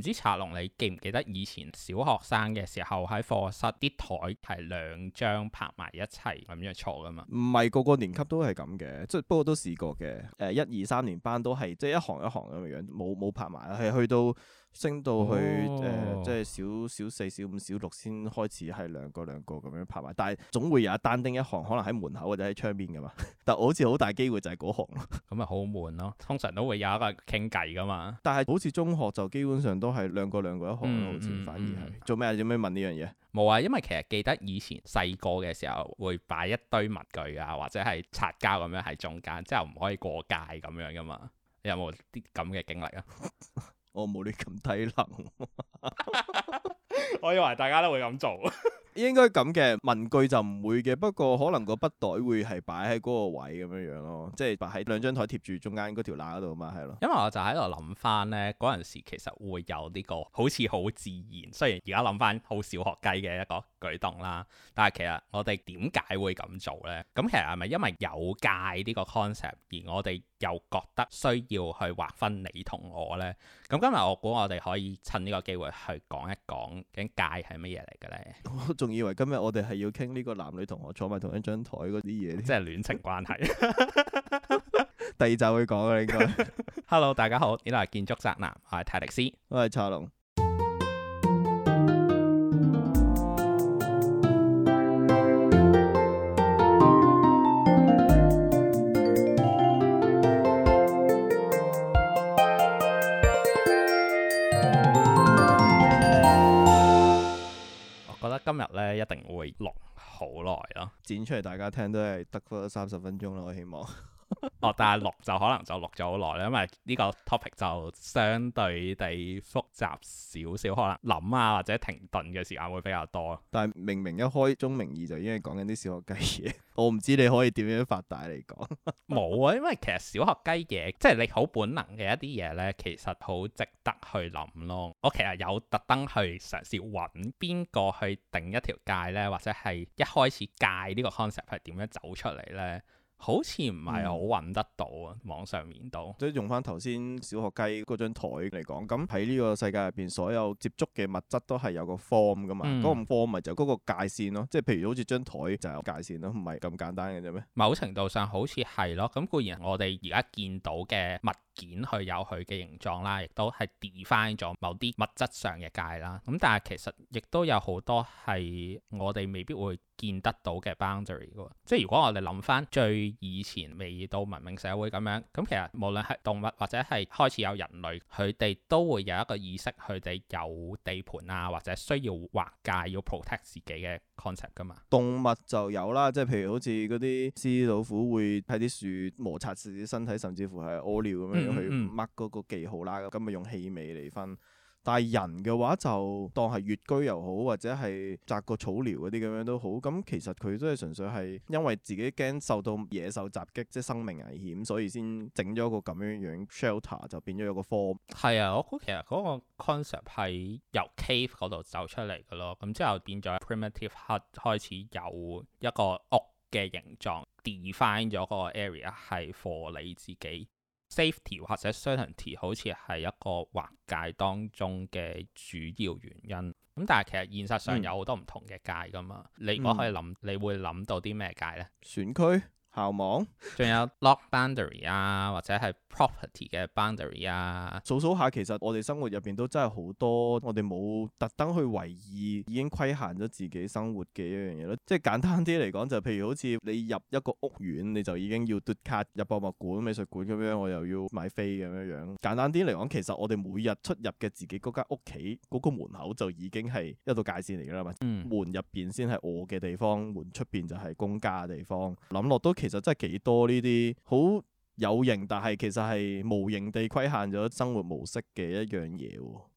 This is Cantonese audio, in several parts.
唔知茶龍，你記唔記得以前小學生嘅時候喺課室啲枱係兩張拍埋一齊咁樣坐㗎嘛？唔係個個年級都係咁嘅，即係不過都試過嘅。誒、呃，一二三年班都係即係一行一行咁樣，冇冇拍埋係去到，升到去誒，即係、哦呃就是、小小四、小五、小六先開始係兩個兩個咁樣排埋，但係總會有一單丁一行，可能喺門口或者喺窗邊噶嘛。但好似好大機會就係嗰行咯，咁咪好悶咯。通常都會有一個傾偈噶嘛。但係好似中學就基本上都係兩個兩個一行咯，好似、嗯嗯嗯、反而係。做咩啊？做咩問呢樣嘢？冇啊、嗯，嗯、因為其實記得以前細個嘅時候會擺一堆文具啊，或者係擦膠咁樣喺中間，之後唔可以過界咁樣噶嘛。有冇啲咁嘅經歷啊？ 我冇你咁低能，我以為大家都會咁做。 應該咁嘅文具就唔會嘅，不過可能個筆袋會係擺喺嗰個位咁樣樣咯，即係擺喺兩張枱貼住中間嗰條罅度嘛，係咯。因為我就喺度諗翻呢，嗰陣時其實會有呢個好似好自然，雖然而家諗翻好小學雞嘅一個舉動啦。但係其實我哋點解會咁做呢？咁其實係咪因為有界呢個 concept，而我哋又覺得需要去劃分你同我呢？咁今日我估我哋可以趁呢個機會去講一講究竟界係乜嘢嚟嘅呢？ 以為今日我哋係要傾呢個男女同學坐埋同一張台嗰啲嘢，即係戀情關係。 第二集會講嘅應該。 Hello，大家好，呢度係建築宅男，我係泰迪斯，我係茶龍。今日呢一定會錄好耐咯，剪出嚟大家聽都係得翻三十分鐘咯，我希望。 哦，但係錄就可能就錄咗好耐啦，因為呢個 topic 就相對地複雜少少，可能諗啊或者停頓嘅時間會比較多。但係明明一開宗明義就已經係講緊啲小學雞嘢，我唔知你可以點樣發大嚟講。冇 啊，因為其實小學雞嘢，即係你好本能嘅一啲嘢呢，其實好值得去諗咯。我其實有特登去嘗試揾邊個去定一條界呢，或者係一開始界呢個 concept 係點樣走出嚟呢。好似唔係好揾得到啊！嗯、網上面到，即係用翻頭先小學雞嗰張台嚟講，咁喺呢個世界入邊，所有接觸嘅物質都係有個 form 噶嘛，嗰、嗯、個 form 咪就嗰個界線咯，即、就、係、是、譬如好似張台就有界線咯，唔係咁簡單嘅啫咩？某程度上好似係咯，咁固然我哋而家見到嘅物件去有佢嘅形狀啦，亦都係 define 咗某啲物質上嘅界啦。咁但係其實亦都有好多係我哋未必會見得到嘅 boundary 嘅。即係如果我哋諗翻最以前未到文明社會咁樣，咁其實無論係動物或者係開始有人類，佢哋都會有一個意識，佢哋有地盤啊，或者需要劃界要 protect 自己嘅 concept 噶嘛。動物就有啦，即係譬如好似嗰啲獅子老虎會喺啲樹摩擦自己身體甚至乎係屙尿咁樣。嗯佢、嗯嗯、去掹嗰個記號啦，咁咪用氣味嚟分。但係人嘅話就當係穴居又好，或者係摘個草寮嗰啲咁樣都好。咁其實佢都係純粹係因為自己驚受到野獸襲擊，即、就、係、是、生命危險，所以先整咗個咁樣樣 shelter，就變咗一個 form。係啊，我估其實嗰個 concept 係由 cave 嗰度走出嚟嘅咯。咁之後變咗 primitive hut 開始有一個屋嘅形狀，define 咗嗰個 area 係 for 你自己。Safety 或者 certainty 好似係一個劃界當中嘅主要原因，咁但係其實現實上有好多唔同嘅界㗎嘛，嗯、你我可以諗，你會諗到啲咩界呢？選區。校網，仲效 有 lot boundary 啊，或者係 property 嘅 boundary 啊，數數下，其實我哋生活入邊都真係好多，我哋冇特登去為意，已經規限咗自己生活嘅一樣嘢咯。即、就、係、是、簡單啲嚟講，就譬如好似你入一個屋苑，你就已經要嘟卡入博物館、美術館咁樣，我又要買飛咁樣樣。簡單啲嚟講，其實我哋每日出入嘅自己嗰間屋企嗰、那個門口就已經係一道界線嚟噶啦嘛。嗯、門入邊先係我嘅地方，門出邊就係公家嘅地方。諗落都。其實真係幾多呢啲好有形，但係其實係無形地規限咗生活模式嘅一樣嘢。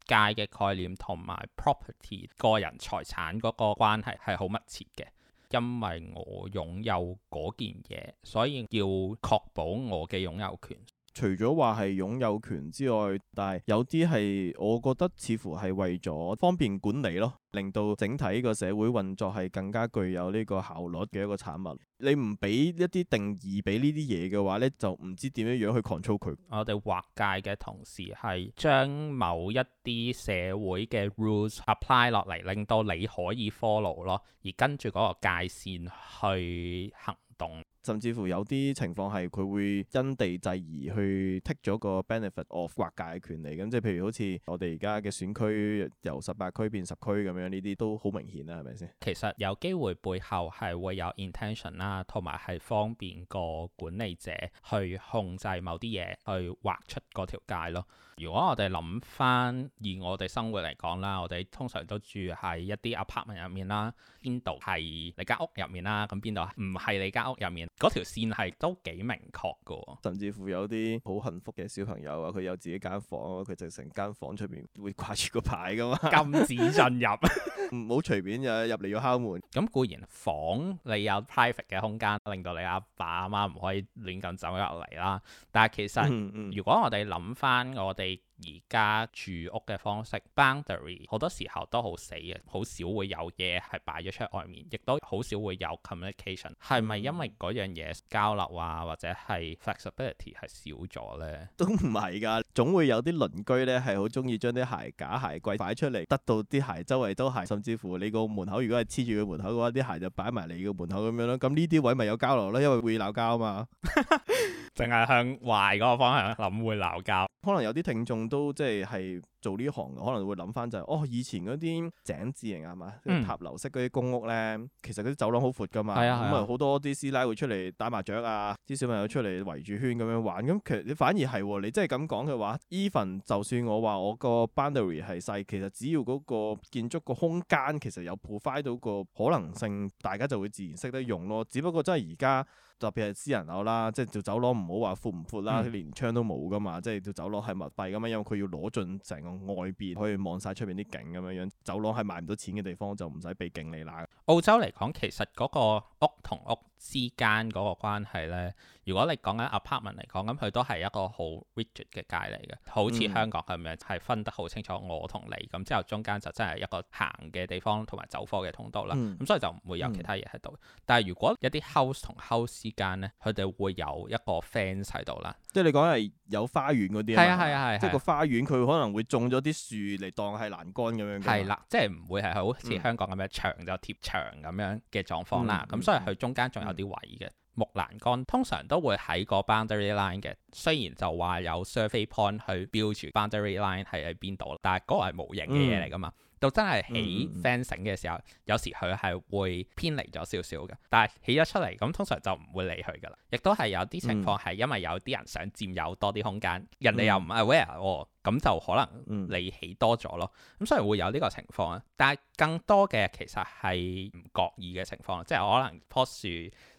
界嘅概念同埋 property 個人財產個關係係好密切嘅，因為我擁有件嘢，所以要確保我嘅擁有權。除咗話係擁有權之外，但係有啲係我覺得似乎係為咗方便管理咯，令到整體個社會運作係更加具有呢個效率嘅一個產物。你唔俾一啲定義俾呢啲嘢嘅話呢就唔知點樣樣去 control 佢。我哋劃界嘅同時係將某一啲社會嘅 rules apply 落嚟，令到你可以 follow 咯，而跟住嗰個界線去行動。甚至乎有啲情況係佢會因地制宜去剔咗個 benefit of 劃界嘅權利，咁、嗯、即係譬如好似我哋而家嘅選區由十八區變十區咁樣，呢啲都好明顯啦，係咪先？其實有機會背後係會有 intention 啦，同埋係方便個管理者去控制某啲嘢去劃出嗰條界咯。如果我哋諗翻以我哋生活嚟講啦，我哋通常都住喺一啲 apartment 入面啦，邊度係你間屋入面啦，咁邊度唔係你間屋入面？嗰條線係都幾明確㗎喎，甚至乎有啲好幸福嘅小朋友啊，佢有自己間房，佢就成間房出面會掛住個牌㗎嘛， 禁止進入，唔 好隨便入入嚟，要敲門。咁固然房你有 private 嘅空間，令到你阿爸阿媽唔可以亂咁走入嚟啦。但係其實嗯嗯如果我哋諗返我哋，而家住屋嘅方式，boundary 好多時候都好死嘅，好少會有嘢係擺咗出外面，亦都好少會有 communication。係咪因為嗰樣嘢交流啊，或者係 flexibility 係少咗呢？都唔係㗎，總會有啲鄰居呢係好中意將啲鞋假鞋櫃擺出嚟，得到啲鞋周圍都係，甚至乎你個門口如果係黐住個門口嘅話，啲鞋就擺埋你個門口咁樣咯。咁呢啲位咪有交流咯，因為會鬧交啊嘛。 淨係向壞嗰個方向諗會鬧交，可能有啲聽眾都即係係做呢行可能會諗翻就係、是、哦，以前嗰啲井字形係嘛，嗯、塔樓式嗰啲公屋咧，其實嗰啲走廊好闊噶嘛，咁啊好、啊、多啲師奶會出嚟打麻雀啊，啲小朋友出嚟圍住圈咁樣玩，咁其實你反而係、喎，你真係咁講嘅話，even 就算我話我個 boundary 係細，其實只要嗰個建築個空間其實有 provide 到個可能性，大家就會自然識得用咯，只不過真係而家。特別係私人樓啦，即係條走廊唔好話闊唔闊啦，嗯、連窗都冇噶嘛，即係條走廊係密閉噶嘛，因為佢要攞盡成個外邊可以望晒出面啲景咁樣樣，走廊係賣唔到錢嘅地方，就唔使俾景你啦。澳洲嚟講，其實嗰個屋同屋之間嗰個關係咧，如果你講緊 apartment 嚟講，咁佢都係一個好 rigid 嘅界嚟嘅，好似香港咁樣，係分得好清楚我同你，咁之後中間就真係一個行嘅地方同埋走貨嘅通道啦。咁、嗯、所以就唔會有其他嘢喺度。嗯、但係如果一啲 house 同 house 之間呢，佢哋會有一個 fence 喺度啦。即係你講係有花園嗰啲啊？係啊係啊係。即係個花園佢可能會種咗啲樹嚟當係欄杆咁樣，啊就是、樣。係啦、嗯，即係唔會係好似香港咁樣牆就貼牆咁樣嘅狀況啦。咁、嗯嗯、所以佢中間仲有、嗯。啲位嘅木欄杆通常都會喺個 boundary line 嘅，雖然就話有 survey point 去標住 boundary line 係喺邊度，但係嗰個係無形嘅嘢嚟噶嘛。嗯就真係起 fence 嘅時候，嗯嗯、有時佢係會偏離咗少少嘅，但係起咗出嚟咁通常就唔會理佢噶啦。亦都係有啲情況係因為有啲人想佔有多啲空間，嗯、人哋又唔 aware 咁就可能你起多咗咯。咁所以會有呢個情況啊。但係更多嘅其實係唔覺意嘅情況，即係我可能棵樹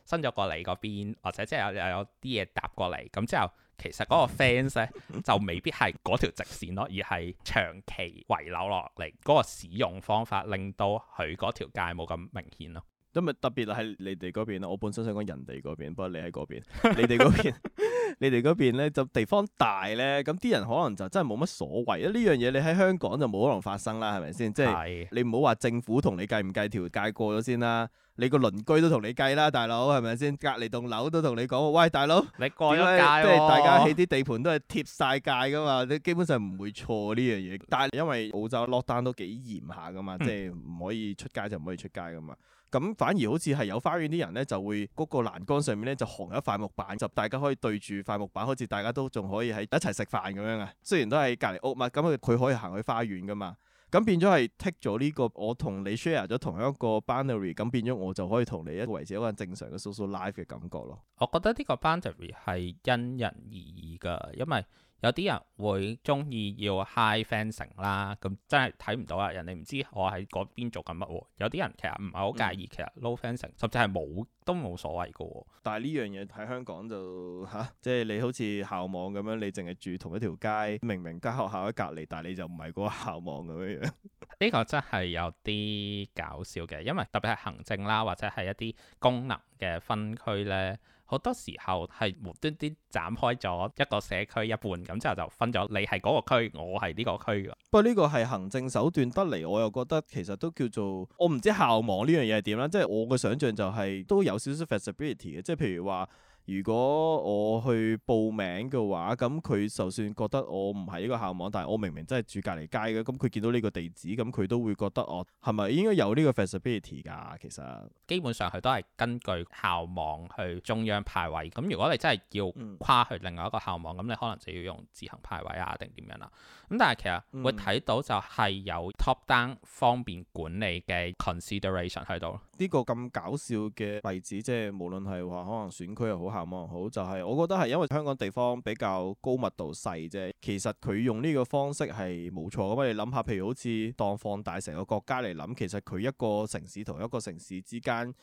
伸咗過嚟嗰邊，或者即係有有啲嘢搭過嚟咁之後。其實嗰個 fans 咧就未必係嗰條直線咯，而係長期遺留落嚟嗰個使用方法，令到佢嗰條界冇咁明顯咯。咁咪特別係你哋嗰邊，我本身想講人哋嗰邊，不過你喺嗰邊，你哋嗰邊。 你哋嗰邊咧就地方大咧，咁啲人可能就真係冇乜所謂啊！呢樣嘢你喺香港就冇可能發生啦，係咪先？即係你唔好話政府同你計唔計條界過咗先啦，你個鄰居都同你計啦，大佬係咪先？隔離棟樓都同你講，喂，大佬，你過咗界即係大家起啲地盤都係貼晒界噶嘛，即基本上唔會錯呢樣嘢。但係因為澳洲落 o 都幾嚴下噶嘛，嗯、即係唔可以出街就唔可以出街噶嘛。咁反而好似係有花園啲人咧，就會嗰個欄杆上面咧就行有一塊木板，就大家可以對住塊木板，好似大家都仲可以喺一齊食飯咁樣啊。雖然都係隔離屋，嘛，係咁佢可以行去花園噶嘛。咁變咗係剔咗呢個我同你 share 咗同一個 boundary，咁變咗我就可以同你一個維持一個正常嘅 social life 嘅感覺咯。我覺得呢個 boundary 係因人而異㗎，因為有啲人會中意要 high fencing 啦，咁真係睇唔到啊！人哋唔知我喺嗰邊做緊乜喎。有啲人其實唔係好介意，嗯、其實 low fencing，甚至係冇都冇所謂噶。但係呢樣嘢喺香港就嚇，即係你好似校網咁樣，你淨係住同一條街，明明間學校喺隔離，但係你就唔係嗰個校網咁樣樣。呢 個真係有啲搞笑嘅，因為特別係行政啦，或者係一啲功能嘅分區咧。好多時候係無端端斬開咗一個社區一半，咁之後就分咗你係嗰個區，我係呢個區嘅。不過呢個係行政手段得嚟，我又覺得其實都叫做我唔知校網呢樣嘢係點啦。即係我嘅想像就係都有少少 flexibility 嘅，即係譬如話。如果我去報名嘅話，咁佢就算覺得我唔係呢個校網，但係我明明真係住隔離街嘅，咁佢見到呢個地址，咁佢都會覺得我係咪應該有呢個 flexibility 㗎？其實基本上佢都係根據校網去中央派位，咁如果你真係要跨去另外一個校網，咁、嗯、你可能就要用自行派位啊，定點樣啦、啊？咁但係其實會睇到就係有 top down 方便管理嘅 consideration 喺度。呢個咁搞笑嘅例子，即係無論係話可能選區又好，校網又好，就係、是、我覺得係因為香港地方比較高密度細啫。其實佢用呢個方式係冇錯咁，你諗下，譬如好似當放大成個國家嚟諗，其實佢一個城市同一個城市之間。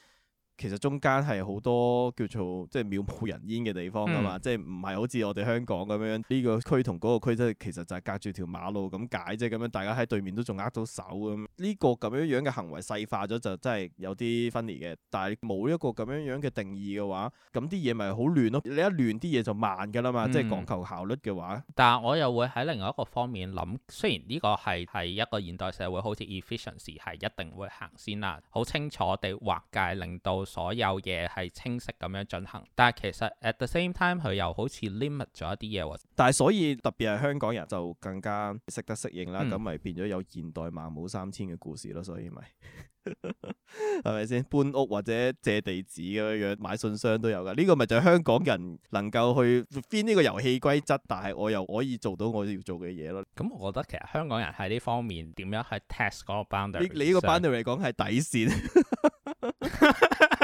其實中間係好多叫做即係渺無人煙嘅地方㗎嘛，嗯、即係唔係好似我哋香港咁樣，呢個區同嗰個區即係其實就係隔住條馬路咁解即啫，咁樣大家喺對面都仲握到手咁。呢個咁樣樣嘅行為細化咗就真係有啲分裂嘅，但係冇一個咁樣樣嘅定義嘅話，咁啲嘢咪好亂咯。你一亂啲嘢就慢㗎啦嘛，嗯、即係講求效率嘅話。但係我又會喺另外一個方面諗，雖然呢個係喺一個現代社會，好似 efficiency 係一定會行先啦，好清楚地劃界令到。所有嘢係清晰咁樣進行，但係其實 at the same time 佢又好似 limit 咗一啲嘢，但係所以特別係香港人就更加識得適應啦，咁咪、嗯、變咗有現代萬無三千嘅故事咯。所以咪係咪先搬屋或者借地址咁樣樣買信箱都有㗎。呢、這個咪就係香港人能夠去編呢個遊戲規則，但係我又可以做到我要做嘅嘢咯。咁我覺得其實香港人喺呢方面點樣去 test 嗰個 boundary？你你呢個 boundary 嚟講係底線。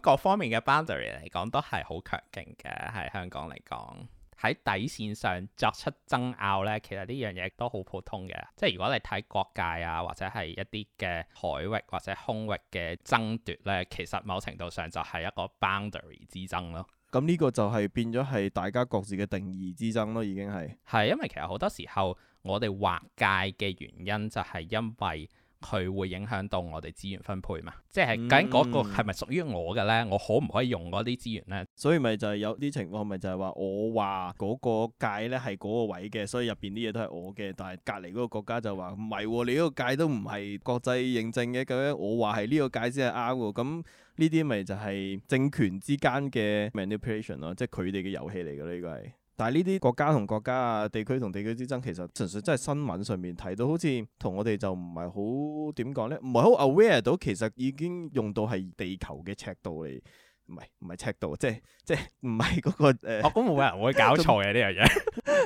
各方面嘅 boundary 嚟講都係好強勁嘅，喺香港嚟講，喺底線上作出爭拗咧，其實呢樣嘢都好普通嘅。即係如果你睇國界啊，或者係一啲嘅海域或者空域嘅爭奪咧，其實某程度上就係一個 boundary 之爭咯。咁呢個就係變咗係大家各自嘅定義之爭咯，已經係，係，因為其實好多時候我哋劃界嘅原因就係因為。佢會影響到我哋資源分配嘛？即係究竟嗰個係咪屬於我嘅呢？我可唔可以用嗰啲資源呢？所以咪就係有啲情況咪就係話我話嗰個界呢係嗰個位嘅，所以入邊啲嘢都係我嘅。但係隔離嗰個國家就話唔係，你呢個界都唔係國際認證嘅咁樣。究竟我話係呢個界先係啱嘅。咁呢啲咪就係政權之間嘅 manipulation 咯，即係佢哋嘅遊戲嚟嘅呢個係。但係呢啲國家同國家啊、地區同地區之爭，其實純粹真係新聞上面睇到，好似同我哋就唔係好點講呢？唔係好 aware 到其實已經用到係地球嘅尺度嚟。唔係唔係尺度，即係即係唔係嗰個誒？咁、呃、冇、哦、人會搞錯嘅呢樣嘢。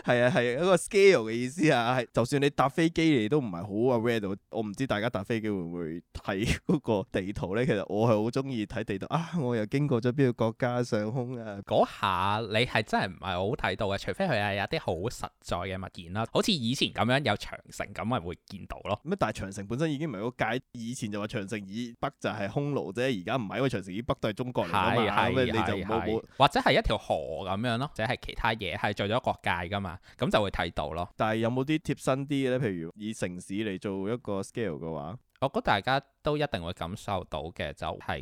係啊係啊，嗰個 scale 嘅意思啊，係就算你搭飛機你都唔係好 aware 到。我唔知大家搭飛機會唔會睇嗰個地圖咧？其實我係好中意睇地圖啊！我又經過咗邊個國家上空啊？嗰下你係真係唔係好睇到嘅，除非佢係有啲好實在嘅物件啦。好似以前咁樣有長城咁咪會見到咯。咁但係長城本身已經唔係個界，以前就話長城以北就係匈奴啫，而家唔係因為長城以北都係中國。係，係，係，或者係一條河咁樣咯，或者係其他嘢，係做咗國界噶嘛，咁就會睇到咯。但係有冇啲貼身啲嘅咧？譬如以城市嚟做一個 scale 嘅話，我覺得大家都一定會感受到嘅，就係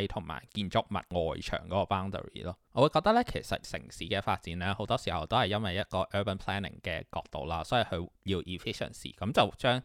街同埋建築物外牆嗰個 boundary 咯。我會覺得咧，其實城市嘅發展咧，好多時候都係因為一個 urban planning 嘅角度啦，所以佢要 efficient 啲，咁就將。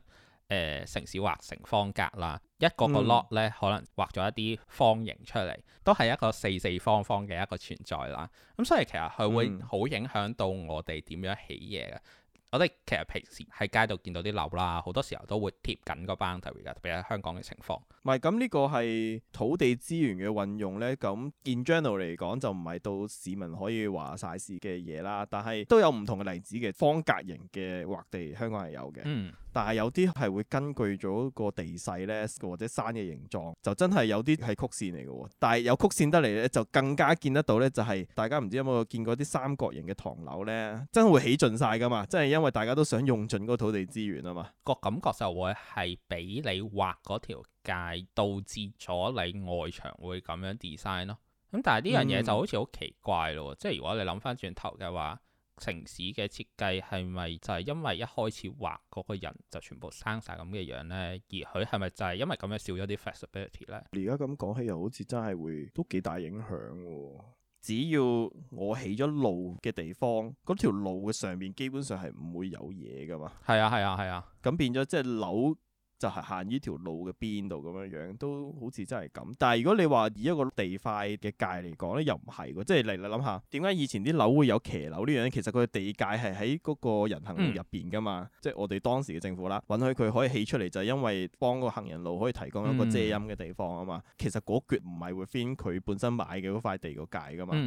誒、呃、城市畫成方格啦，一個個 lot 咧，可能畫咗一啲方形出嚟，都係一個四四方方嘅一個存在啦。咁所以其實係會好影響到我哋點樣起嘢嘅。嗯、我哋其實平時喺街度見到啲樓啦，好多時候都會貼緊嗰班題噶，特別喺香港嘅情況。唔係，咁呢個係土地資源嘅運用咧。咁 in general 嚟講，就唔係到市民可以話晒事嘅嘢啦。但係都有唔同嘅例子嘅，方格型嘅劃地，香港係有嘅。嗯。但係有啲係會根據咗個地勢咧，或者山嘅形狀，就真係有啲係曲線嚟嘅。但係有曲線得嚟咧，就更加見得到咧、就係，就係大家唔知有冇見過啲三角形嘅唐樓咧，真係會起盡晒噶嘛？真係因為大家都想用盡個土地資源啊嘛。個感覺就會係俾你畫嗰條界，導致咗你外牆會咁樣 design 咯。咁但係呢樣嘢就好似好奇怪咯。嗯、即係如果你諗翻轉頭嘅話。城市嘅設計係咪就係因為一開始畫嗰個人就全部生晒咁嘅樣咧？而佢係咪就係因為咁樣少咗啲 flexibility 咧？而家咁講起又好似真係會都幾大影響喎。只要我起咗路嘅地方，嗰條路嘅上面基本上係唔會有嘢噶嘛。係啊係啊係啊，咁、啊啊、變咗即係樓。就係行呢條路嘅邊度咁樣樣，都好似真係咁。但係如果你話以一個地塊嘅界嚟講咧，又唔係喎。即係嚟，你諗下，點解以前啲樓會有騎樓呢樣？其實佢地界係喺嗰個人行入邊噶嘛。嗯、即係我哋當時嘅政府啦，允許佢可以起出嚟，就係因為幫嗰個行人路可以提供一個遮陰嘅地方啊嘛。嗯、其實嗰橛唔係會分佢本身買嘅嗰塊地嗰界噶嘛。咁、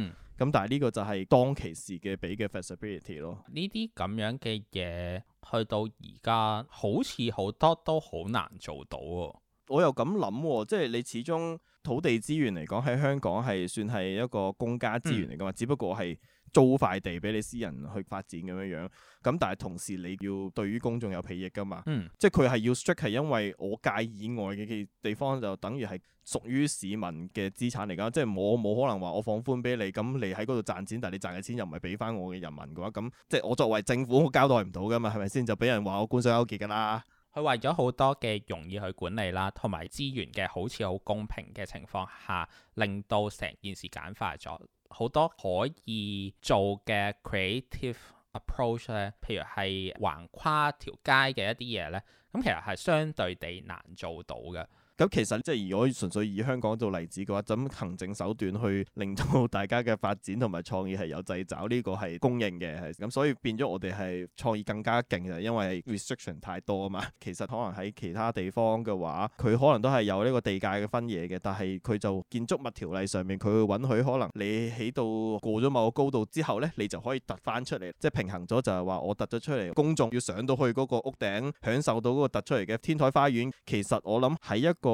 嗯、但係呢個就係當其時嘅俾嘅 feasibility 咯。呢啲咁樣嘅嘢。去到而家，好似好多都好難做到喎。我又咁諗，哦，即係你始終土地資源嚟講，喺香港係算係一個公家資源嚟噶嘛，嗯，只不過係。租塊地俾你私人去發展咁樣樣，咁但係同時你要對於公眾有裨益噶嘛。嗯，即係佢係要 strict，係因為我界以外嘅地方就等於係屬於市民嘅資產嚟噶，即係我冇可能話我放寬俾你，咁你喺嗰度賺錢，但係你賺嘅錢又唔係俾翻我嘅人民嘅話，咁即係我作為政府我交代唔到噶嘛，係咪先？就俾人話我官商勾結噶啦。佢為咗好多嘅容易去管理啦，同埋資源嘅好似好公平嘅情況下，令到成件事簡化咗。好多可以做嘅 creative approach 咧，譬如係橫跨條街嘅一啲嘢咧，咁其實係相對地難做到嘅。咁其實，即係如果純粹以香港做例子嘅話，咁行政手段去令到大家嘅發展同埋創意係有掣肘，呢個係公認嘅。係咁，所以變咗我哋係創意更加勁啊，因為 restriction 太多啊嘛。其實可能喺其他地方嘅話，佢可能都係有呢個地界嘅分野嘅，但係佢就建築物條例上面，佢會允許可能你起到過咗某個高度之後咧，你就可以突翻出嚟，即係平衡咗就係話我突咗出嚟，公眾要上到去個屋頂享受到嗰個突出嚟嘅天台花園，其實我諗喺一個。個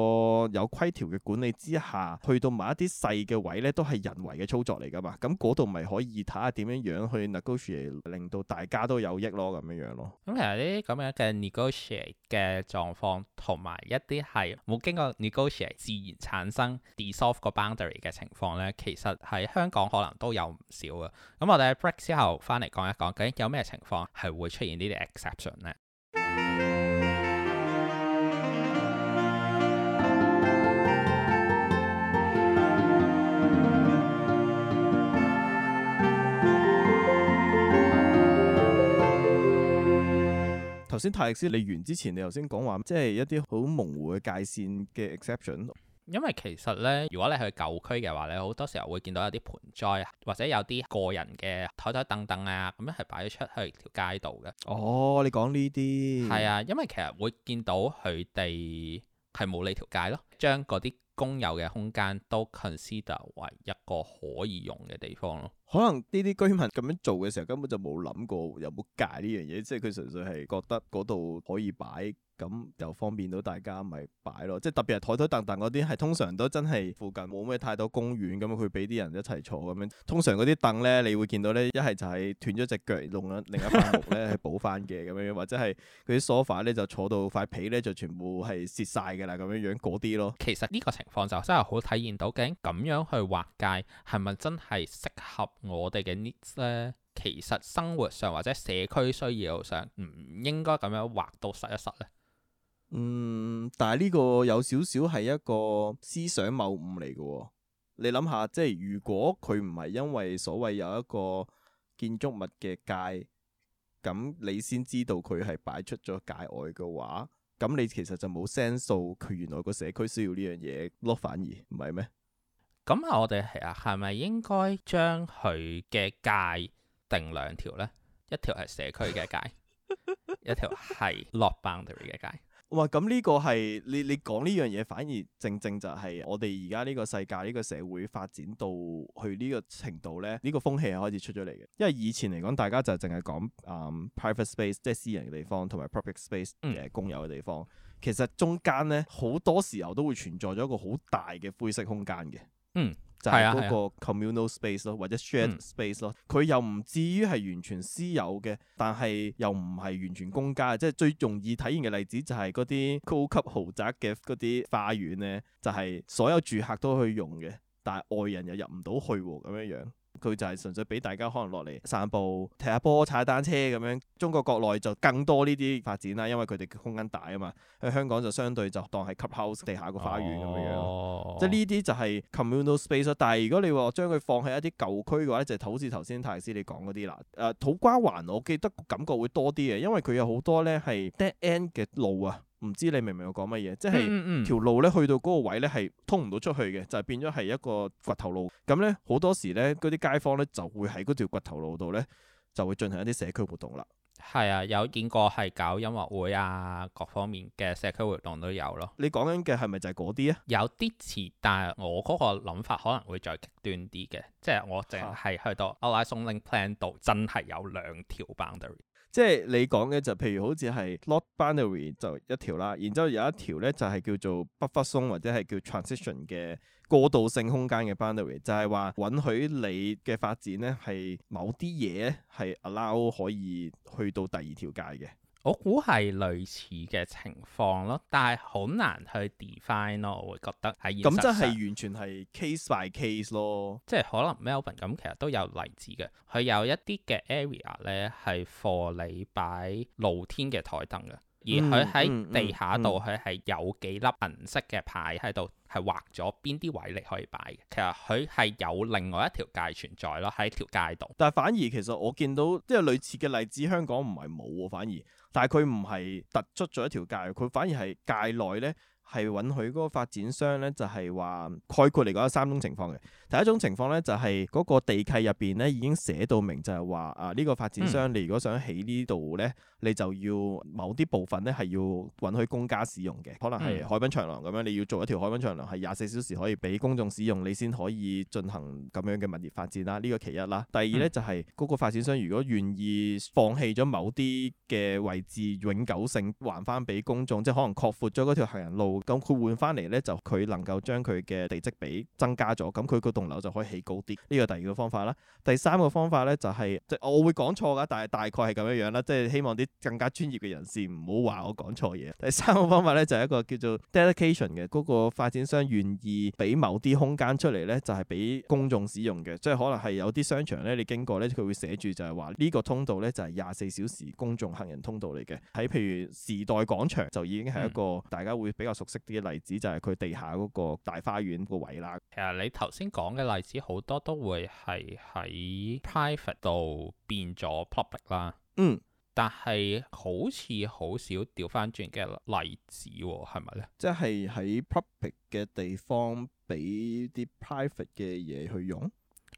有規條嘅管理之下，去到埋一啲細嘅位咧，都係人為嘅操作嚟噶嘛。咁嗰度咪可以睇下點樣樣去 negotiate，令到大家都有益咯，咁樣樣咯。咁其實呢啲咁樣嘅 negotiate 嘅狀況，同埋一啲係冇經過 negotiate 自然產生 dissolve 個 boundary 嘅情況咧，其實喺香港可能都有唔少㗎。咁我哋 break 之後翻嚟講一講，究竟有咩情況係會出現呢啲 exception 咧？嗯先泰力斯，你完之前，你頭先講話，即係一啲好模糊嘅界線嘅 exception。因為其實呢，如果你去舊區嘅話咧，好多時候會見到有啲盆栽啊，或者有啲個人嘅台台凳凳啊，咁樣係擺咗出去條街度嘅。哦，你講呢啲，係啊，因為其實會見到佢哋係冇你條街咯，將嗰啲公有嘅空間都 consider 為一個可以用嘅地方咯。可能呢啲居民咁樣做嘅時候，根本就冇諗過有冇界呢樣嘢，即係佢純粹係覺得嗰度可以擺。咁又方便到大家，咪擺咯。即係特別係枱枱凳凳嗰啲，係通常都真係附近冇咩太多公園咁，佢俾啲人一齊坐咁樣。通常嗰啲凳咧，你會見到咧，斷一係就係斷咗隻腳，用緊另一塊木咧去補翻嘅咁樣， 或者係佢啲梳化 f 咧就坐到塊皮咧就全部係蝕晒㗎啦咁樣樣嗰啲咯。其實呢個情況就真係好體現到，究竟咁樣去劃界係咪真係適合我哋嘅 needs 咧？其實生活上或者社區需要上唔應該咁樣劃到實一實咧。嗯，但係呢個有少少係一個思想謬誤嚟嘅。你諗下，即係如果佢唔係因為所謂有一個建築物嘅界，咁、嗯、你先知道佢係擺出咗界外嘅話，咁、嗯、你其實就冇 sense 到佢原來個社區需要呢樣嘢咯。反而唔係咩？咁啊、嗯，嗯、我哋係啊，係咪應該將佢嘅界定兩條呢？一條係社區嘅界， 一條係 lot boundary 嘅界。哇！咁呢個係你你講呢樣嘢，反而正正就係我哋而家呢個世界呢個社會發展到去呢個程度呢，呢個風氣係開始出咗嚟嘅。因為以前嚟講，大家就係淨係講啊 private space，即係私人嘅地方，同埋 public space 誒公有嘅地方。嗯、其實中間呢，好多時候都會存在咗一個好大嘅灰色空間嘅。嗯。就係嗰個 communal space 咯，或者 shared space 咯，佢又唔至於係完全私有嘅，但係又唔係完全公家嘅。即係最容易體現嘅例子就係嗰啲高級豪宅嘅嗰啲花園呢，就係、是、所有住客都可以用嘅，但係外人又入唔到去喎，咁樣樣。佢就係純粹俾大家可能落嚟散步、踢下波、踩下單車咁樣。中國國內就更多呢啲發展啦，因為佢哋嘅空間大啊嘛。喺香港就相對就當係吸 house 地下個花園咁樣。哦哦哦哦即係呢啲就係 communal space 但係如果你話將佢放喺一啲舊區嘅話，就好似頭先泰斯你講嗰啲啦。誒、啊，土瓜灣我記得感覺會多啲嘅，因為佢有好多咧係 dead end 嘅路啊。唔知你明唔明我講乜嘢？即係條路咧，去到嗰個位咧，係通唔到出去嘅，嗯嗯，就變咗係一個骨頭路。咁咧，好多時咧，嗰啲街坊咧就會喺嗰條骨頭路度咧，就會進行一啲社區活動啦。係啊，有見過係搞音樂會啊，各方面嘅社區活動都有咯。你講緊嘅係咪就係嗰啲啊？有啲似，但係我嗰個諗法可能會再極端啲嘅，即係我淨係去到 Outside Living Plan 度，真係有兩條 boundary。即係你講嘅就譬如好似係 lot boundary 就一條啦，然之後有一條咧就係、是、叫做 buffer zone 或者係叫 transition 嘅過渡性空間嘅 boundary，就係話允許你嘅發展咧係某啲嘢係 allow 可以去到第二條界嘅。我估係類似嘅情況咯，但係好難去 define 咯。我會覺得係咁，真係完全係 case by case 咯。即係可能 Melbourne 咁，其實都有例子嘅。佢有一啲嘅 area 咧，係 for 你擺露天嘅枱凳嘅，而佢喺地下度，佢係、嗯嗯嗯、有幾粒銀色嘅牌喺度，係畫咗邊啲位你可以擺。其實佢係有另外一條界存在咯，喺條街度。但係反而其實我見到即係類似嘅例子，香港唔係冇喎，反而。但係佢唔係突出咗一條界，佢反而係界內咧。係允許嗰個發展商咧，就係話概括嚟講有三種情況嘅。第一種情況咧，就係嗰個地契入邊咧已經寫到明，就係話啊呢個發展商，你如果想起呢度咧，你就要某啲部分咧係要允許公家使用嘅，可能係海濱長廊咁樣，你要做一條海濱長廊係廿四小時可以俾公眾使用，你先可以進行咁樣嘅物業發展啦。呢個其一啦。第二咧就係嗰個發展商如果願意放棄咗某啲嘅位置永久性還翻俾公眾，即係可能擴闊咗嗰條行人路。咁佢換翻嚟咧，就佢能夠將佢嘅地積比增加咗，咁佢嗰棟樓就可以起高啲。呢個第二個方法啦。第三個方法咧就係、是、即、就是、我會講錯噶，但係大概係咁樣樣啦。即、就、係、是、希望啲更加專業嘅人士唔好話我講錯嘢。第三個方法咧就係、是、一個叫做 dedication 嘅嗰、那個發展商願意俾某啲空間出嚟咧，就係、是、俾公眾使用嘅。即係可能係有啲商場咧，你經過咧，佢會寫住就係話呢個通道咧就係廿四小時公眾行人通道嚟嘅。喺譬如時代廣場就已經係一個大家會比較。嗯熟悉啲嘅例子就係佢地下嗰個大花園個位啦。其實你頭先講嘅例子好多都會係喺 private 度變咗 public 啦。嗯，但係好似好少調翻轉嘅例子喎，係咪咧？即係喺 public 嘅地方俾啲 private 嘅嘢去用。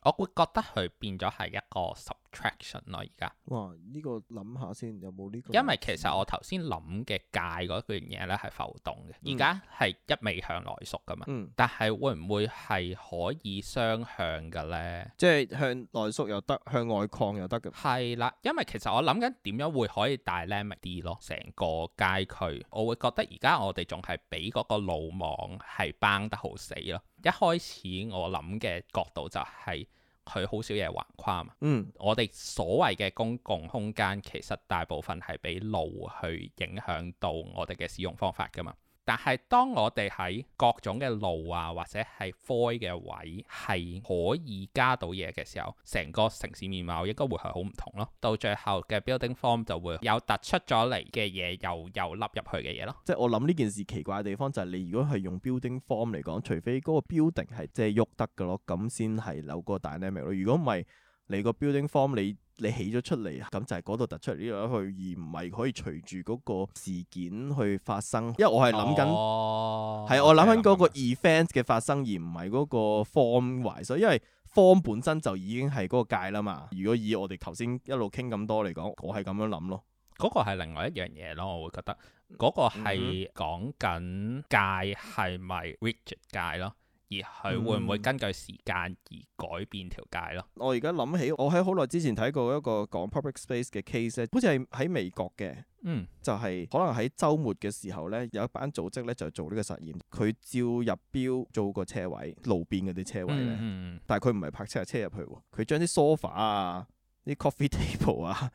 我會覺得佢變咗係一個 subtraction 咯，而家。哇！呢、這個諗下先，有冇呢個、嗯嗯？因為其實我頭先諗嘅界嗰件嘢咧係浮動嘅，而家係一味向內縮㗎嘛。但係會唔會係可以雙向嘅咧？即係向內縮又得，向外擴又得嘅。係啦，因為其實我諗緊點樣會可以 dynamic 啲咯，成個街區。我會覺得而家我哋仲係俾嗰個路網係綁得好死咯。一開始我諗嘅角度就係佢好少嘢橫跨嘛。嗯，我哋所謂嘅公共空間其實大部分係俾路去影響到我哋嘅使用方法㗎嘛。但係當我哋喺各種嘅路啊或者係 fill 嘅位係可以加到嘢嘅時候，成個城市面貌應該會係好唔同咯。到最後嘅 building form 就會有突出咗嚟嘅嘢，又又凹入去嘅嘢咯。即係我諗呢件事奇怪嘅地方就係你如果係用 building form 嚟講，除非嗰個 building 係即係喐得噶咯，咁先係有個 dynamic 咯。如果唔係，你個 building form 你。你起咗出嚟，咁就係嗰度突出嚟。呢樣去，而唔係可以隨住嗰個事件去發生。因為我係諗緊，係、哦、我諗緊嗰個 event 嘅發生，而唔係嗰個 form 壞 wise，所以因為 form 本身就已經係嗰個界啦嘛。如果以我哋頭先一路傾咁多嚟講，我係咁樣諗咯。嗰個係另外一樣嘢咯，我會覺得嗰、嗰個係講緊界係咪 rigid 界咯。而佢會唔會根據時間而改變條界咯？我而家諗起，我喺好耐之前睇過一個講 public space 嘅 case 咧，好似係喺美國嘅，嗯，就係可能喺週末嘅時候咧，有一班組織咧就做呢個實驗，佢照入標做個車位路邊嗰啲車位咧，嗯嗯，但係佢唔係泊車車入去喎，佢將啲 sofa 啊。啲 coffee table 啊，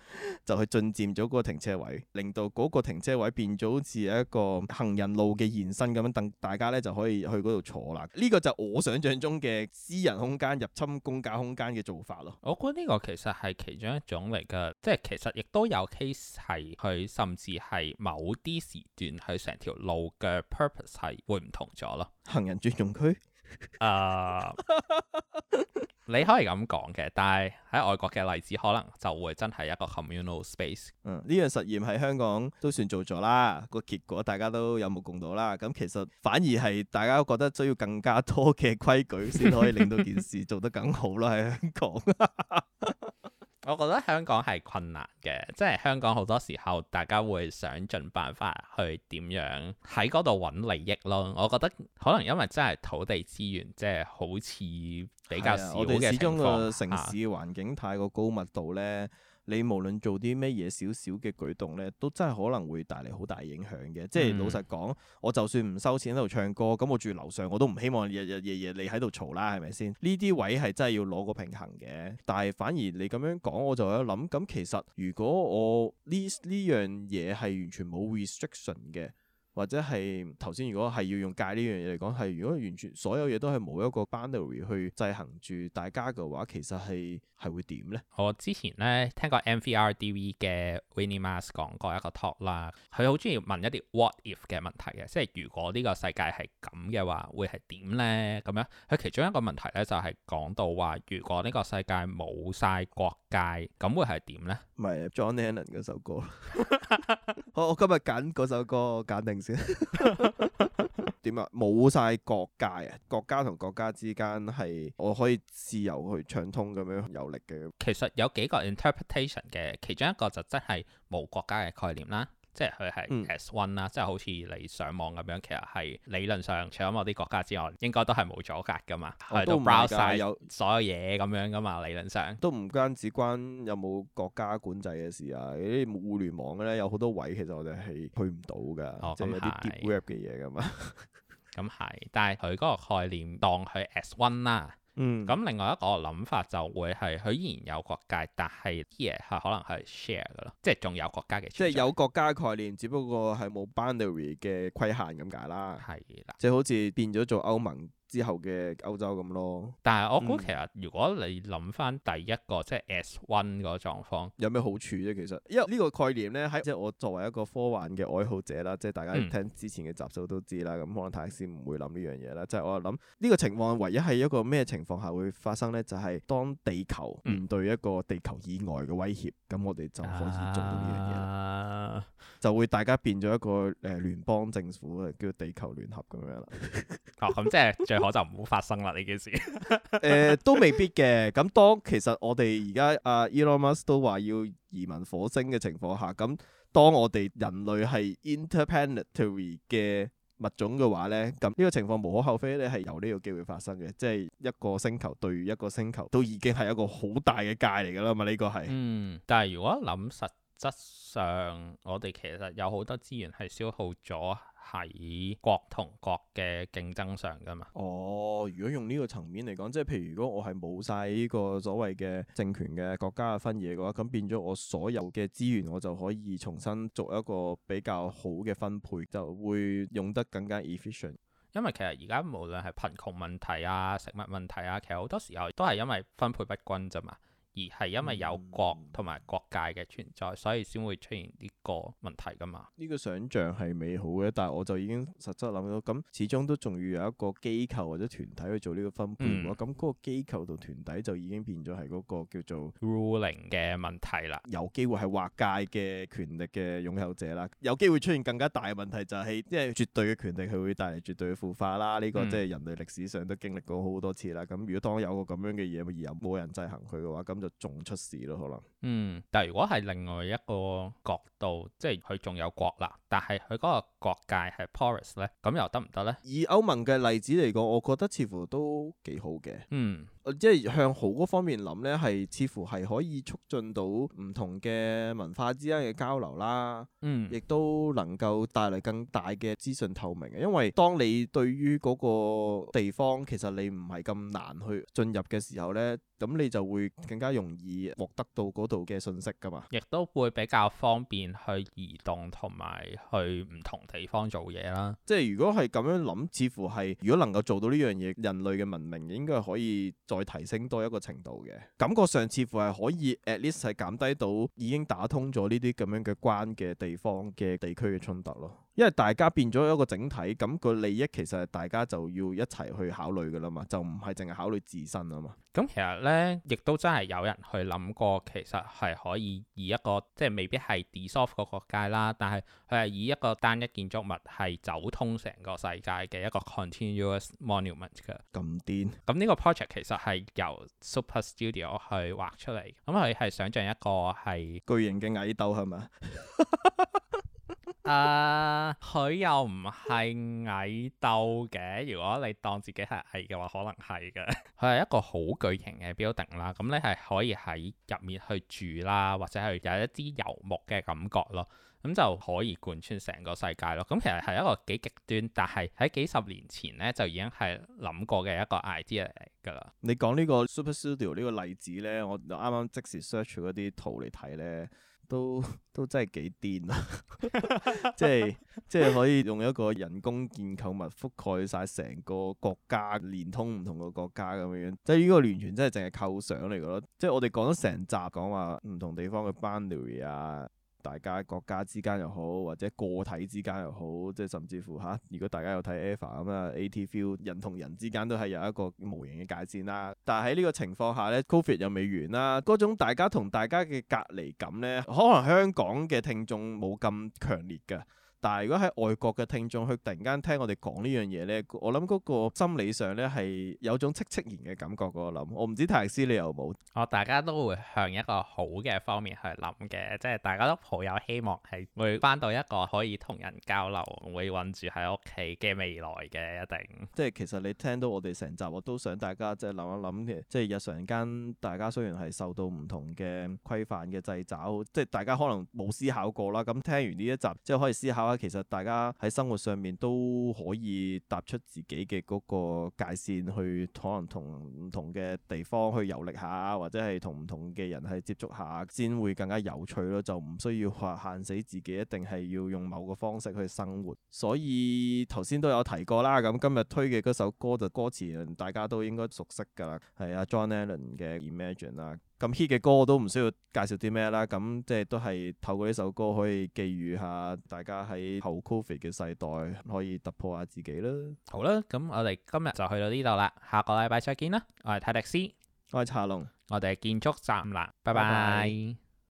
就去進佔咗嗰個停車位，令到嗰個停車位變咗好似一個行人路嘅延伸咁樣，等大家咧就可以去嗰度坐啦。呢、這個就我想象中嘅私人空間入侵公家空間嘅做法咯。我覺得呢、這個其實係其中一種嚟噶，即係其實亦都有 case 係佢，甚至係某啲時段去成條路嘅 purpose 係會唔同咗咯。行人專用區。誒，uh, 你可以咁講嘅，但係喺外國嘅例子可能就會真係一個 communal space。嗯，呢樣實驗喺香港都算做咗啦，個結果大家都有目共睹啦。咁其實反而係大家都覺得需要更加多嘅規矩，先可以令到件事 做得更好啦。喺香港。 我覺得香港係困難嘅，即係香港好多時候，大家會想盡辦法去點樣喺嗰度搵利益咯。我覺得可能因為真係土地資源，即係好似。係啊，我哋始終個城市環境太過高密度呢，啊、你無論做啲咩嘢少少嘅舉動呢，都真係可能會帶嚟好大影響嘅。嗯、即係老實講，我就算唔收錢喺度唱歌，咁我住樓上我都唔希望日日夜夜你喺度嘈啦，係咪先？呢啲位係真係要攞個平衡嘅。但係反而你咁樣講，我就有諗，咁其實如果我呢呢樣嘢係完全冇 restriction 嘅。或者係頭先，如果係要用界呢樣嘢嚟講，係如果完全所有嘢都係冇一個 boundary 去制衡住大家嘅話，其實係係會點咧？我之前咧聽過 MVRDV 嘅 Winy Maas 講過一個 talk 啦，佢好中意問一啲 what if 嘅問題嘅，即係如果呢個世界係咁嘅話會係點咧？咁樣佢其中一個問題咧就係、是、講到話如果呢個世界冇晒國界，咁會係點咧？唔係 John Lennon 首歌， 好，我今日揀首歌揀定。點啊？冇晒 國界啊！國家同國家之間係我可以自由去暢通咁樣有力嘅。其實有幾個 interpretation 嘅，其中一個就即係冇國家嘅概念啦。即係佢係 as one 啦、嗯，即係好似你上網咁樣，其實係理論上，除咗某啲國家之外，應該都係冇阻隔噶嘛，喺度 browse 曬有所有嘢咁樣噶嘛，理論上都唔關只關有冇國家管制嘅事啊！啲互聯網咧有好多位其實我哋係去唔到噶，哦、即係有啲 deep web 嘅嘢噶嘛。咁係，但係佢嗰個概念當佢 as one 啦、啊。嗯，咁另外一個諗法就是會係，佢依然有國界，但係啲嘢係可能係 share 嘅咯，即係仲有國家嘅，即係有國家概念，只不過係冇 boundary 嘅規限咁解啦，係啦的，即係好似變咗做歐盟。之後嘅歐洲咁咯、嗯，但係我估其實如果你諗翻第一個即係 S one 個狀況，嗯、有咩好處啫？其實因為呢個概念咧，喺即係我作為一個科幻嘅愛好者啦，即係大家聽之前嘅集數都知啦。咁、嗯、可能泰斯唔會諗呢樣嘢啦，即、就、係、是，我諗呢個情況唯一係一個咩情況下會發生咧？就係、是、當地球唔對一個地球以外嘅威脅，咁、嗯、我哋就可以做呢樣嘢，啊、就會大家變咗一個誒聯邦政府，叫做地球聯合咁樣啦。 哦，咁即係最好就唔好發生啦呢件事。誒、 呃，都未必嘅。咁當其實我哋而家阿 Elon Musk 都話要移民火星嘅情況下，咁當我哋人類係 interplanetary 嘅物種嘅話咧，咁呢個情況無可厚非咧，係有呢個機會發生嘅。即係一個星球對於一個星球都已經係一個好大嘅界嚟噶啦嘛，呢，呢個係。嗯，但係如果諗實質上，我哋其實有好多資源係消耗咗。喺國同國嘅競爭上噶嘛？哦，如果用呢個層面嚟講，即係譬如如果我係冇晒呢個所謂嘅政權嘅國家嘅分野嘅話，咁變咗我所有嘅資源，我就可以重新做一個比較好嘅分配，就會用得更加 efficient。因為其實而家無論係貧窮問題啊、食物問題啊，其實好多時候都係因為分配不均咋嘛。而係因為有國同埋國界嘅存在，嗯、所以先會出現呢個問題噶嘛。呢個想象係美好嘅，但係我就已經實質諗到，咁始終都仲要有一個機構或者團體去做呢個分配嘅話，咁嗰、嗯、個機構同團體就已經變咗係嗰個叫做 ruling 嘅問題啦。有機會係劃界嘅權力嘅擁有者啦，有機會出現更加大嘅問題，就是，就係即係絕對嘅權力佢會帶嚟絕對嘅腐化啦。呢、這個即係人類歷史上都經歷過好多次啦。咁、嗯、如果當有個咁樣嘅嘢，而又冇人制衡佢嘅話。咁就仲出事咯，可能。嗯，但係如果係另外一個角度，即係佢仲有國啦，但係佢嗰個國界係 porous 呢，咁又得唔得呢？以歐盟嘅例子嚟講，我覺得似乎都幾好嘅。嗯。即係向好嗰，方面諗咧，係似乎係可以促進到唔同嘅文化之間嘅交流啦。嗯，亦都能夠帶嚟更大嘅資訊透明嘅，因為當你對於嗰個地方其實你唔係咁難去進入嘅時候咧，咁你就會更加容易獲得到嗰度嘅信息噶嘛。亦都會比較方便去移動同埋去唔同地方做嘢啦。即係如果係咁樣諗，似乎係如果能夠做到呢樣嘢，人類嘅文明應該係可以作再提升多一個程度嘅感覺上，似乎係可以 at least 係減低到已經打通咗呢啲咁樣嘅關嘅地方嘅地區嘅衝突咯。因為大家變咗一個整體，咁個利益其實大家就要一齊去考慮嘅啦嘛，就唔係淨係考慮自身啊嘛。咁其實呢，亦都真係有人去諗過，其實係可以以一個即係未必係 dissolve 個國界啦，但係佢係以一個單一建築物係走通成個世界嘅一個 continuous monument 㗎。咁癲？咁呢個 project 其實係由 Super Studio 去畫出嚟，咁佢係想象一個係巨型嘅矮兜係咪？ 啊，佢、uh，又唔係矮鬥嘅。如果你當自己係矮嘅話，可能係嘅。佢 係一個好巨型嘅 building 啦，咁咧係可以喺入面去住啦，或者係有一啲遊牧嘅感覺咯。咁就可以貫穿成個世界咯。咁其實係一個幾極端，但係喺幾十年前咧就已經係諗過嘅一個 idea 嚟噶啦。你講呢個 Superstudio 呢個例子咧，我啱啱即時 search 嗰啲圖嚟睇咧。都都真係幾癲啊！即係即係可以用一個人工建構物覆蓋晒成個國家，連通唔同嘅國家咁樣樣。即係呢個完全真係淨係構想嚟嘅咯。即係我哋講咗成集講話唔同地方嘅 boundary 啊。大家國家之間又好，或者個體之間又好，即係甚至乎嚇，如果大家有睇、e、a f a 咁啊，ATFIL 人同人之間都係有一個無形嘅界線啦。但喺呢個情況下呢 COVID 又未完啦，嗰種大家同大家嘅隔離感呢，可能香港嘅聽眾冇咁強烈嘅。但係如果喺外國嘅聽眾去突然間聽我哋講呢樣嘢咧，我諗嗰個心理上咧係有種戚戚然嘅感覺。我諗，我唔知泰斯你有冇？哦，大家都會向一個好嘅方面去諗嘅，即係大家都抱有希望，係會翻到一個可以同人交流、會韞住喺屋企嘅未來嘅一定。即係其實你聽到我哋成集，我都想大家即係諗一諗嘅，即係日常間大家雖然係受到唔同嘅規範嘅掣肘，即係大家可能冇思考過啦。咁聽完呢一集，即係可以思考。其實大家喺生活上面都可以踏出自己嘅嗰個界線，去可能同唔同嘅地方去遊歷下，或者係同唔同嘅人去接觸下，先會更加有趣咯。就唔需要話限死自己，一定係要用某個方式去生活。所以頭先都有提過啦，咁今日推嘅嗰首歌就歌詞大家都應該熟悉㗎啦，係阿 John Lennon 嘅 Imagine 啦。咁 hit 嘅歌我都唔需要介紹啲咩啦，咁即係都係透過呢首歌可以寄語下大家喺後 Covid 嘅世代可以突破下自己啦。好啦，咁我哋今日就去到呢度啦，下個禮拜再見啦。我係泰迪斯，我係茶龍，我哋係建築站啦，拜拜。拜拜。